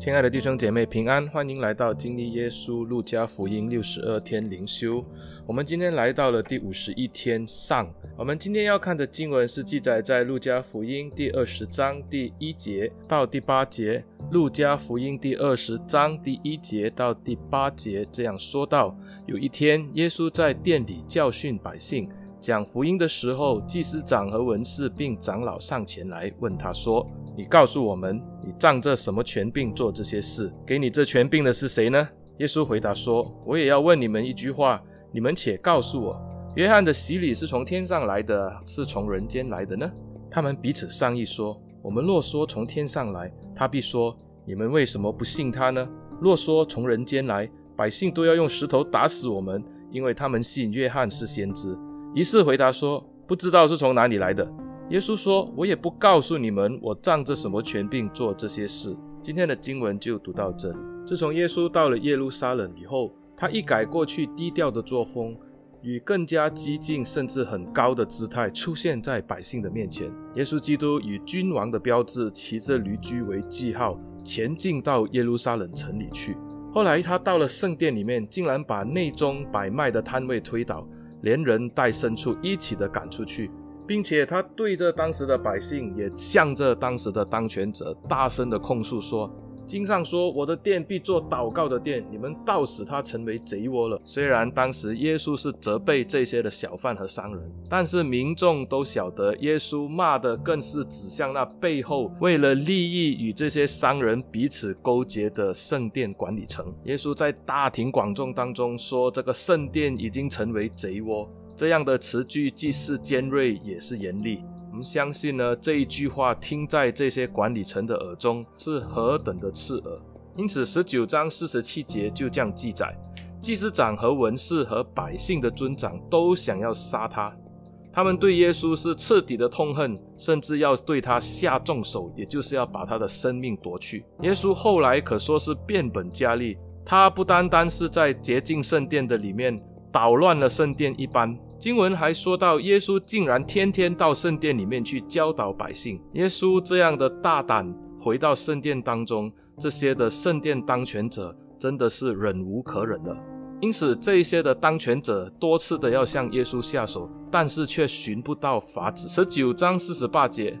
親愛的弟兄姐妹，平安！歡迎來到《經歷耶穌路加福音》六十二天靈修。我們今天來到了第五十一天上。我們今天要看的經文是記載在《路加福音》第二十章第一節到第八節。《路加福音》第二十章第一節到第八節這樣說到：有一天，耶穌在殿裡教訓百姓，講福音的時候，祭司長和文士並長老上前來問他說：“你告訴我們，你仗着什麼權柄做這些事？給你這權柄的是誰呢？”耶穌回答說：“我也要問你們一句話，你們且告訴我，約翰的洗禮是從天上來的，是從人間來的呢？”他們彼此商議說：“我們若說從天上來，他必說，你們為什麼不信他呢？若說從人間來，百姓都要用石頭打死我們，因為他們信約翰是先知。”於是回答說：“不知道是從哪裡來的。”耶穌說：“我也不告訴你們，我仗着什麼權柄做這些事。”今天的經文就讀到這裡。自從耶穌到了耶路撒冷以後，他一改過去低調的作風，以更加激進甚至很高的姿態出現在百姓的面前。耶穌基督以君王的標誌，騎着驢駒為記號，前進到耶路撒冷城裡去。後來他到了聖殿裡面，竟然把內中擺賣的攤位推倒。連人帶牲畜，一起的趕出去，並且他對着當時的百姓，也向着當時的當權者大聲的控訴說。經上說，我的殿必作禱告的殿，你們倒使它成為賊窩了。雖然當時耶穌是責備這些的小販和商人，但是民眾都曉得，耶穌罵的更是指向那背後為了利益與這些商人彼此勾結的聖殿管理層。耶穌在大庭廣眾當中說，這個聖殿已經成為賊窩，這樣的詞句既是尖銳，也是嚴厲。我們相信呢，這一句話聽在這些管理層的耳中是何等的刺耳。因此，十九章四十七節就這樣記載：祭司長和文士和百姓的尊長都想要殺他。他們對耶穌是徹底的痛恨，甚至要對他下重手，也就是要把他的生命奪去。耶穌後來可說是變本加厲，他不單單是在潔淨聖殿的裡面。搗亂了聖殿一般，經文還說到，耶穌竟然天天到聖殿裡面去教導百姓。耶穌這樣的大膽回到聖殿當中，這些的聖殿當權者真的是忍無可忍了。因此，這些的當權者多次的要向耶穌下手，但是卻尋不到法子。十九章四十八節。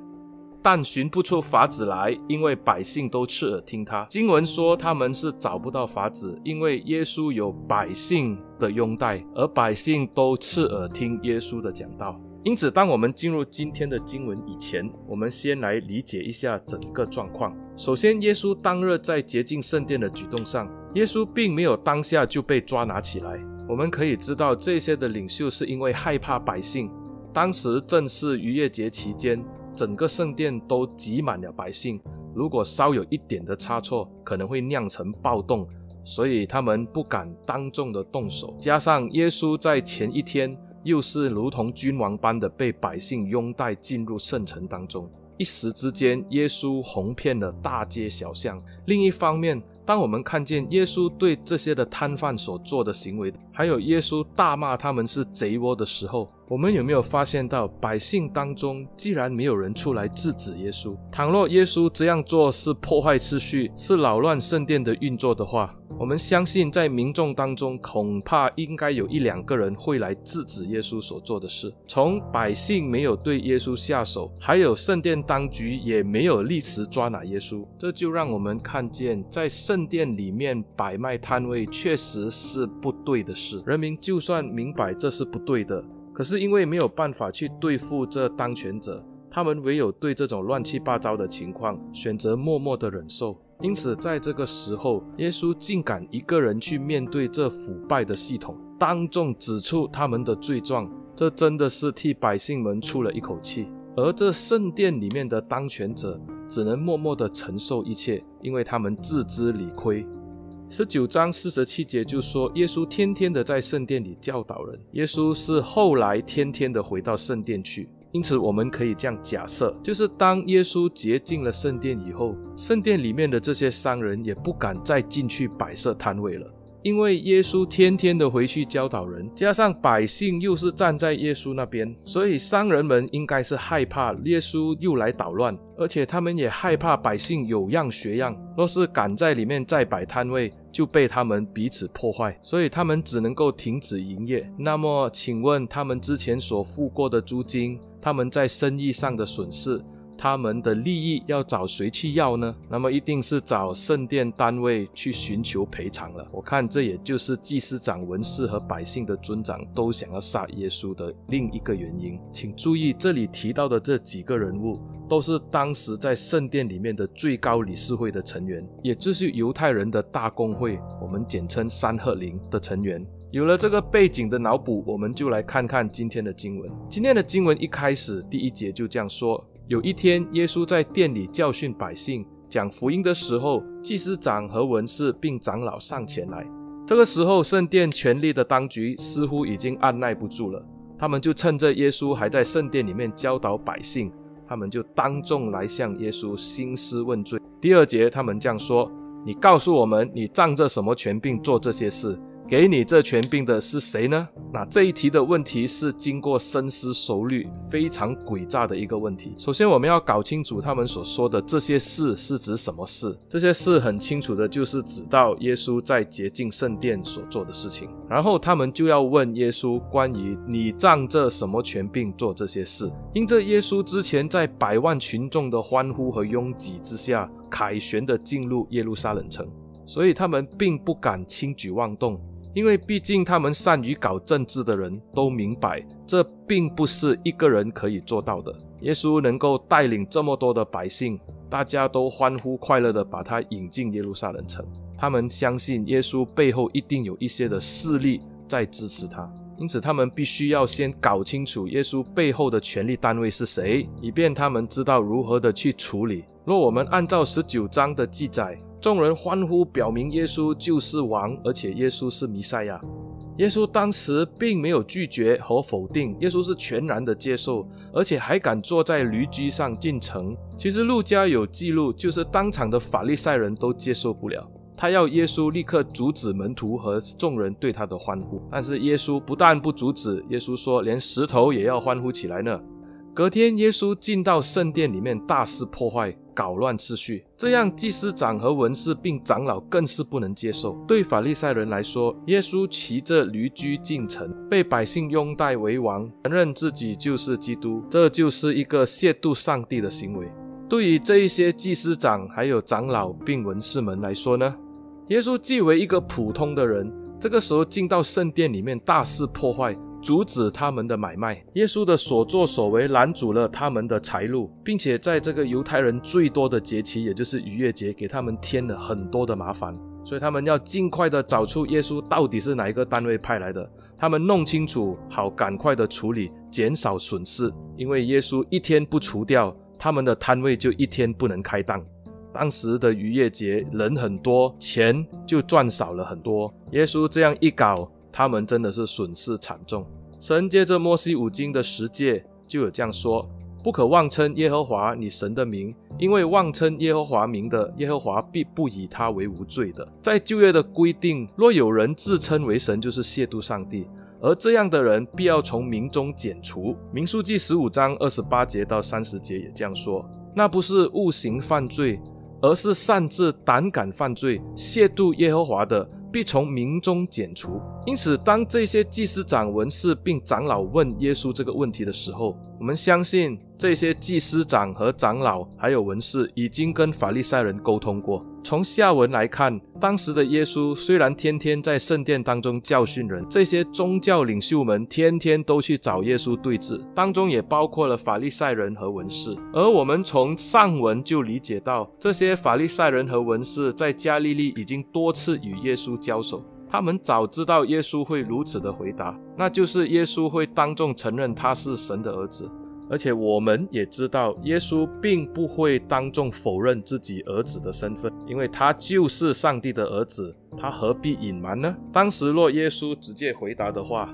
但尋不出法子來，因為百姓都側耳聽他。經文說他們是找不到法子，因為耶穌有百姓的擁戴，而百姓都側耳聽耶穌的講道。因此，當我們進入今天的經文以前，我們先來理解一下整個狀況。首先，耶穌當日在潔淨聖殿的舉動上，耶穌並沒有當下就被抓拿起來。我們可以知道這些的領袖是因為害怕百姓。當時正是逾越節期間。整個聖殿都擠滿了百姓，如果稍有一點的差錯，可能會釀成暴動，所以他們不敢當眾的動手。加上耶穌在前一天又是如同君王般的被百姓擁戴進入聖城當中，一時之間，耶穌紅遍了大街小巷。另一方面，當我們看見耶穌對這些的攤販所做的行為，還有耶穌大罵他們是賊窩的時候，我們有沒有發現到百姓當中既然沒有人出來制止耶穌？倘若耶穌這樣做是破壞秩序、是擾亂聖殿的運作的話，我們相信在民眾當中恐怕應該有一兩個人會來制止耶穌所做的事。從百姓沒有對耶穌下手，還有聖殿當局也沒有立時抓拿耶穌，這就讓我們看見在聖殿裡面擺賣攤位確實是不對的事。人民就算明白這是不對的，可是因為沒有辦法去對付這當權者，他們唯有對這種亂七八糟的情況選擇默默的忍受。因此，在這個時候，耶穌竟敢一個人去面對這腐敗的系統，當眾指出他們的罪狀，這真的是替百姓們出了一口氣。而這聖殿裡面的當權者只能默默的承受一切，因為他們自知理虧。十九章四十七節就說，耶穌天天的在聖殿裡教導人。耶穌是後來天天的回到聖殿去，因此我們可以這樣假設，就是當耶穌潔淨了聖殿以後，聖殿裡面的這些商人也不敢再進去擺設攤位了。因為耶穌天天的回去教導人，加上百姓又是站在耶穌那邊，所以商人們應該是害怕耶穌又來搗亂，而且他們也害怕百姓有樣學樣。若是敢在裡面再擺攤位，就被他們彼此破壞，所以他們只能夠停止營業。那麼，請問他們之前所付過的租金，他們在生意上的損失？他們的利益要找誰去要呢？那麼一定是找聖殿單位去尋求賠償了。我看這也就是祭司長、文士和百姓的尊長都想要殺耶穌的另一個原因。請注意，這裡提到的這幾個人物都是當時在聖殿裡面的最高理事會的成員，也就是猶太人的大公會，我們簡稱三合林的成員。有了這個背景的腦補，我們就來看看今天的經文。今天的經文一開始，第一節就這樣說。有一天，耶穌在殿裡教訓百姓、講福音的時候，祭司長和文士並長老上前來。這個時候，聖殿權力的當局似乎已經按捺不住了，他們就趁着耶穌還在聖殿裡面教導百姓，他們就當眾來向耶穌興師問罪。第二節，他們這樣說：“你告訴我們，你仗着什麼權柄做這些事？”給你這權柄的是誰呢？那、啊、這一題的問題是經過深思熟慮、非常詭詐的一個問題。首先，我們要搞清楚他們所說的這些事是指什麼事。這些事很清楚的就是指到耶穌在潔淨聖殿所做的事情。然後他們就要問耶穌關於你仗着什麼權柄做這些事？因著耶穌之前在百萬群眾的歡呼和擁擠之下凱旋的進入耶路撒冷城，所以他們並不敢輕舉妄動。因為畢竟，他們善於搞政治的人都明白，這並不是一個人可以做到的。耶穌能夠帶領這麼多的百姓，大家都歡呼快樂地把他引進耶路撒冷城。他們相信耶穌背後一定有一些的勢力在支持他，因此他們必須要先搞清楚耶穌背後的權力單位是誰，以便他們知道如何的去處理。若我們按照十九章的記載，眾人歡呼，表明耶穌就是王，而且耶穌是彌賽亞。耶穌當時並沒有拒絕和否定，耶穌是全然的接受，而且還敢坐在驢駒上進城。其實路加有記錄，就是當場的法利賽人都接受不了，他要耶穌立刻阻止門徒和眾人對他的歡呼。但是耶穌不但不阻止，耶穌說：“連石頭也要歡呼起來呢。”隔天，耶穌進到聖殿裡面，大肆破壞，搞亂秩序，這樣，祭司長和文士並長老更是不能接受。對法利賽人來說，耶穌騎着驢駒進城，被百姓擁戴為王，承認自己就是基督，這就是一個褻瀆上帝的行為。對於這一些祭司長還有長老並文士們來說呢，耶穌既為一個普通的人，這個時候進到聖殿裡面，大肆破壞。阻止他們的買賣，耶穌的所作所為攔阻了他們的財路，並且在這個猶太人最多的節期，也就是逾越節，給他們添了很多的麻煩。所以他們要盡快的找出耶穌到底是哪一個單位派來的，他們弄清楚，好趕快的處理，減少損失。因為耶穌一天不除掉他們的攤位，就一天不能開檔。當時的逾越節人很多，錢就賺少了很多。耶穌這樣一搞，他們真的是損失慘重。神借着摩西五經的十誡就有這樣說：不可妄稱耶和華你神的名，因為妄稱耶和華名的，耶和華必不以他為無罪的。在舊約的規定，若有人自稱為神，就是褻瀆上帝，而這樣的人必要從民中剪除。民數記十五章二十八節到三十節也這樣說：那不是誤行犯罪，而是擅自膽敢犯罪，褻瀆耶和華的，必從民中剪除。因此，當這些祭司長、文士並長老問耶穌這個問題的時候，我們相信這些祭司長和長老還有文士已經跟法利賽人溝通過。從下文來看，當時的耶穌雖然天天在聖殿當中教訓人，這些宗教領袖們天天都去找耶穌對峙，當中也包括了法利賽人和文士。而我們從上文就理解到，這些法利賽人和文士在加利利已經多次與耶穌交手。他們早知道耶穌會如此的回答，那就是耶穌會當眾承認他是神的兒子。而且我們也知道，耶穌並不會當眾否認自己兒子的身份，因為他就是上帝的兒子，他何必隱瞞呢？當時若耶穌直接回答的話，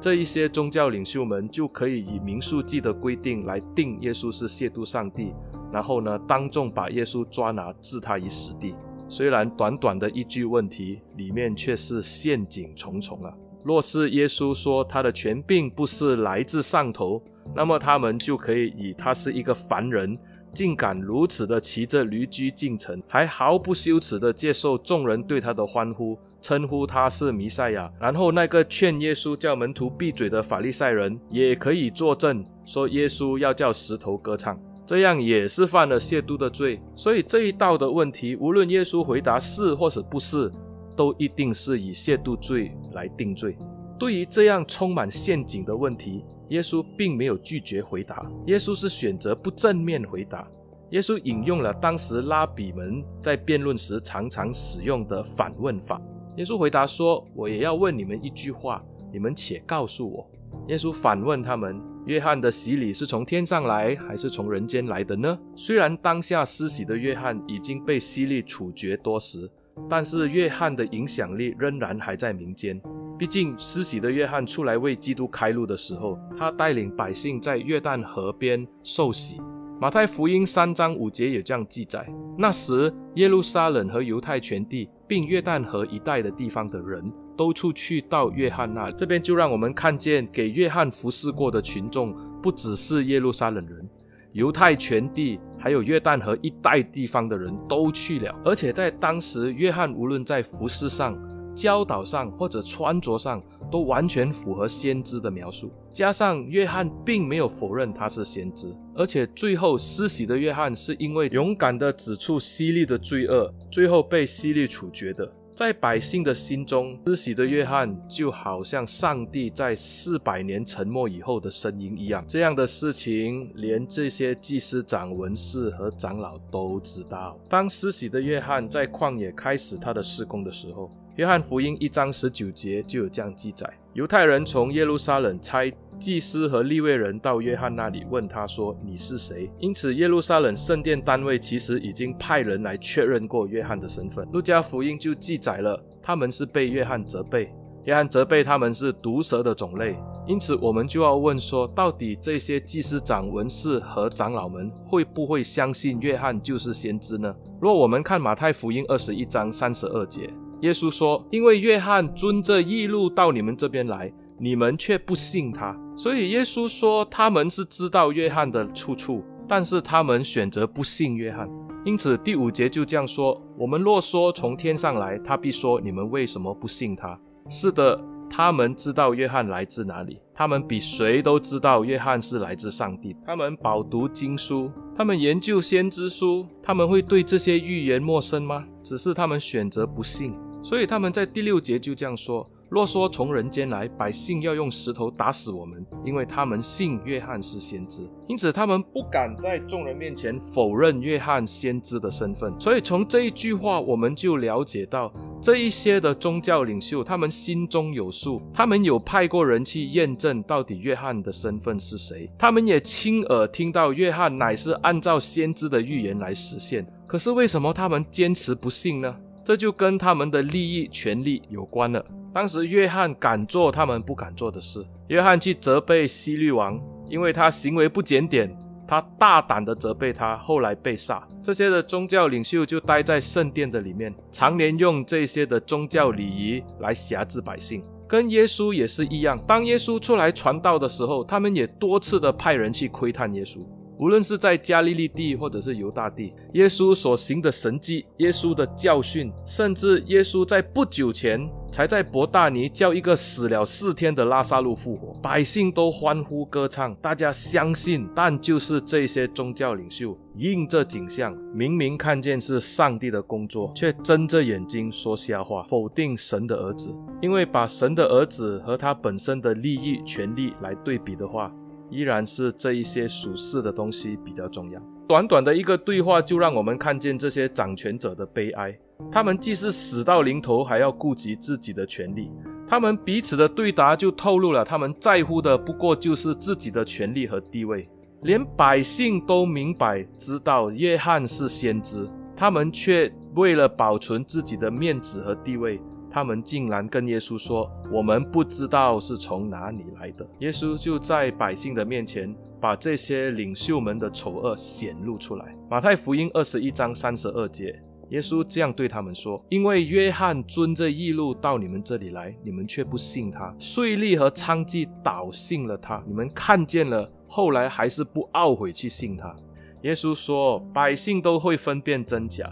這一些宗教領袖們就可以以《民數記》的規定來定耶穌是褻瀆上帝，然後呢，當眾把耶穌抓拿，置他於死地。雖然短短的一句問題，裡面卻是陷阱重重啊！若是耶穌說他的權柄不是來自上頭，那麼他們就可以以他是一個凡人，竟敢如此的騎着驢駒進城，還毫不羞恥的接受眾人對他的歡呼，稱呼他是彌賽亞。然後那個勸耶穌叫門徒閉嘴的法利賽人，也可以作證說耶穌要叫石頭歌唱，這樣也是犯了褻瀆的罪，所以這一道的問題，無論耶穌回答是或是不是，都一定是以褻瀆罪來定罪。對於這樣充滿陷阱的問題，耶穌並沒有拒絕回答，耶穌是選擇不正面回答。耶穌引用了當時拉比們在辯論時常常使用的反問法。耶穌回答說：“我也要問你們一句話，你們且告訴我。”耶穌反問他們。約翰的洗禮是從天上來，還是從人間來的呢？雖然當下施洗的約翰已經被希律處決多時，但是約翰的影響力仍然還在民間。畢竟施洗的約翰出來為基督開路的時候，他帶領百姓在約旦河邊受洗。馬太福音三章五節也這樣記載：那時耶路撒冷和猶太全地，並約旦河一帶的地方的人。都出去到約翰那裡，這邊就讓我們看見給約翰服侍過的群眾，不只是耶路撒冷人、猶太全地，還有約旦河一帶地方的人都去了。而且在當時，約翰無論在服侍上、教導上或者穿着上，都完全符合先知的描述。加上約翰並沒有否認他是先知，而且最後施洗的約翰是因為勇敢地指出希律的罪惡，最後被希律處決的。在百姓的心中，施洗的約翰就好像上帝在四百年沉默以後的聲音一樣。這樣的事情，連這些祭司長、文士和長老都知道。當施洗的約翰在曠野開始他的事工的時候，《約翰福音》一章十九節就有這樣記載：猶太人從耶路撒冷差。祭司和利未人到約翰那裡問他說：“你是誰？”因此，耶路撒冷聖殿單位其實已經派人來確認過約翰的身份。路加福音就記載了，他們是被約翰責備。約翰責備他們是毒蛇的種類。因此，我們就要問說，到底這些祭司長、文士和長老們會不會相信約翰就是先知呢？如果我們看馬太福音二十一章三十二節，耶穌說：“因為約翰遵着義路到你們這邊來。”你們卻不信他，所以耶穌說他們是知道約翰的出處，但是他們選擇不信約翰。因此第五節就這樣說：我們若說從天上來，他必說你們為什麼不信他？是的，他們知道約翰來自哪裡，他們比誰都知道約翰是來自上帝。他們飽讀經書，他們研究先知書，他們會對這些預言陌生嗎？只是他們選擇不信，所以他們在第六節就這樣說。若說從人間來，百姓要用石頭打死我們，因為他們信約翰是先知，因此他們不敢在眾人面前否認約翰先知的身份。所以從這一句話，我們就了解到這一些的宗教領袖，他們心中有數，他們有派過人去驗證到底約翰的身份是誰，他們也親耳聽到約翰乃是按照先知的預言來實現。可是為什麼他們堅持不信呢？這就跟他們的利益、權力有關了。當時約翰敢做他們不敢做的事，約翰去責備希律王，因為他行為不檢點，他大膽的責備他，後來被殺。這些的宗教領袖就待在聖殿的裡面，常年用這些的宗教禮儀來轄制百姓，跟耶穌也是一樣。當耶穌出來傳道的時候，他們也多次的派人去窺探耶穌。無論是在加利利地，或者是猶大地，耶穌所行的神蹟，耶穌的教訓，甚至耶穌在不久前才在伯大尼叫一個死了四天的拉撒路復活，百姓都歡呼歌唱，大家相信。但就是這些宗教領袖，應這景象，明明看見是上帝的工作，卻睜着眼睛說瞎話，否定神的兒子，因為把神的兒子和他本身的利益、權利來對比的話。依然是這一些屬世的東西比較重要。短短的一個對話，就讓我們看見這些掌權者的悲哀。他們既是死到臨頭，還要顧及自己的權利。他們彼此的對答，就透露了他們在乎的不過就是自己的權利和地位。連百姓都明白知道約翰是先知，他們卻為了保存自己的面子和地位。他們竟然跟耶穌說：“我們不知道是從哪裡來的。”耶穌就在百姓的面前，把這些領袖們的醜惡顯露出來。馬太福音二十一章三十二節，耶穌這樣對他們說：“因為約翰遵着義路到你們這裡來，你們卻不信他；稅吏和娼妓倒信了他。你們看見了，後來還是不懊悔去信他。”耶穌說：“百姓都會分辨真假。”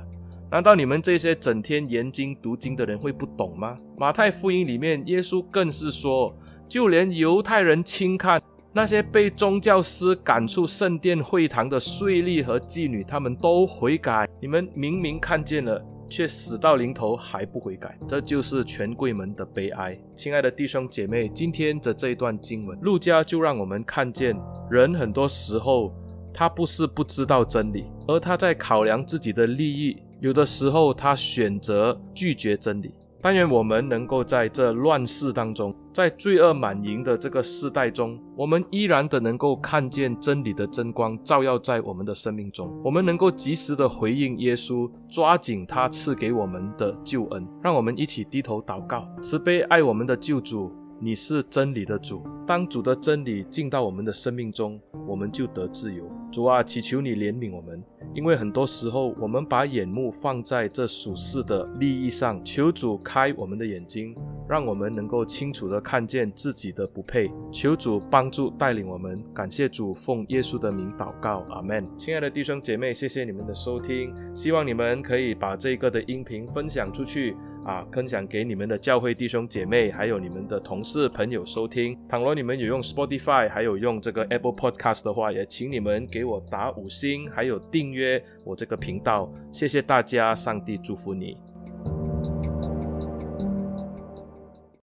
難道你們這些整天研經讀經的人會不懂嗎？馬太福音裡面，耶穌更是說，就連猶太人輕看那些被宗教師趕出聖殿會堂的稅吏和妓女，他們都悔改。你們明明看見了，卻死到臨頭還不悔改，這就是權貴們的悲哀。親愛的弟兄姐妹，今天的這一段經文，路加就讓我們看見，人很多時候他不是不知道真理，而他在考量自己的利益。有的時候，他選擇拒絕真理。但願我們能夠在這亂世當中，在罪惡滿盈的這個世代中，我們依然的能夠看見真理的真光照耀在我們的生命中。我們能夠及時的回應耶穌，抓緊他賜給我們的救恩。讓我們一起低頭禱告，慈悲愛我們的救主，你是真理的主。當主的真理進到我們的生命中，我們就得自由。主啊，祈求你憐憫我們，因為很多時候我們把眼目放在這屬世的利益上。求主開我們的眼睛，讓我們能夠清楚地看見自己的不配。求主幫助帶領我們。感謝主，奉耶穌的名禱告，阿門。親愛的弟兄姐妹，謝謝你們的收聽，希望你們可以把這個的音頻分享出去。啊，分享給你們的教會弟兄姐妹，還有你們的同事朋友收聽。倘若你們有用 Spotify，還有用這個 Apple Podcast 的話，也請你們給我打五星，還有訂閱我這個頻道。謝謝大家，上帝祝福你。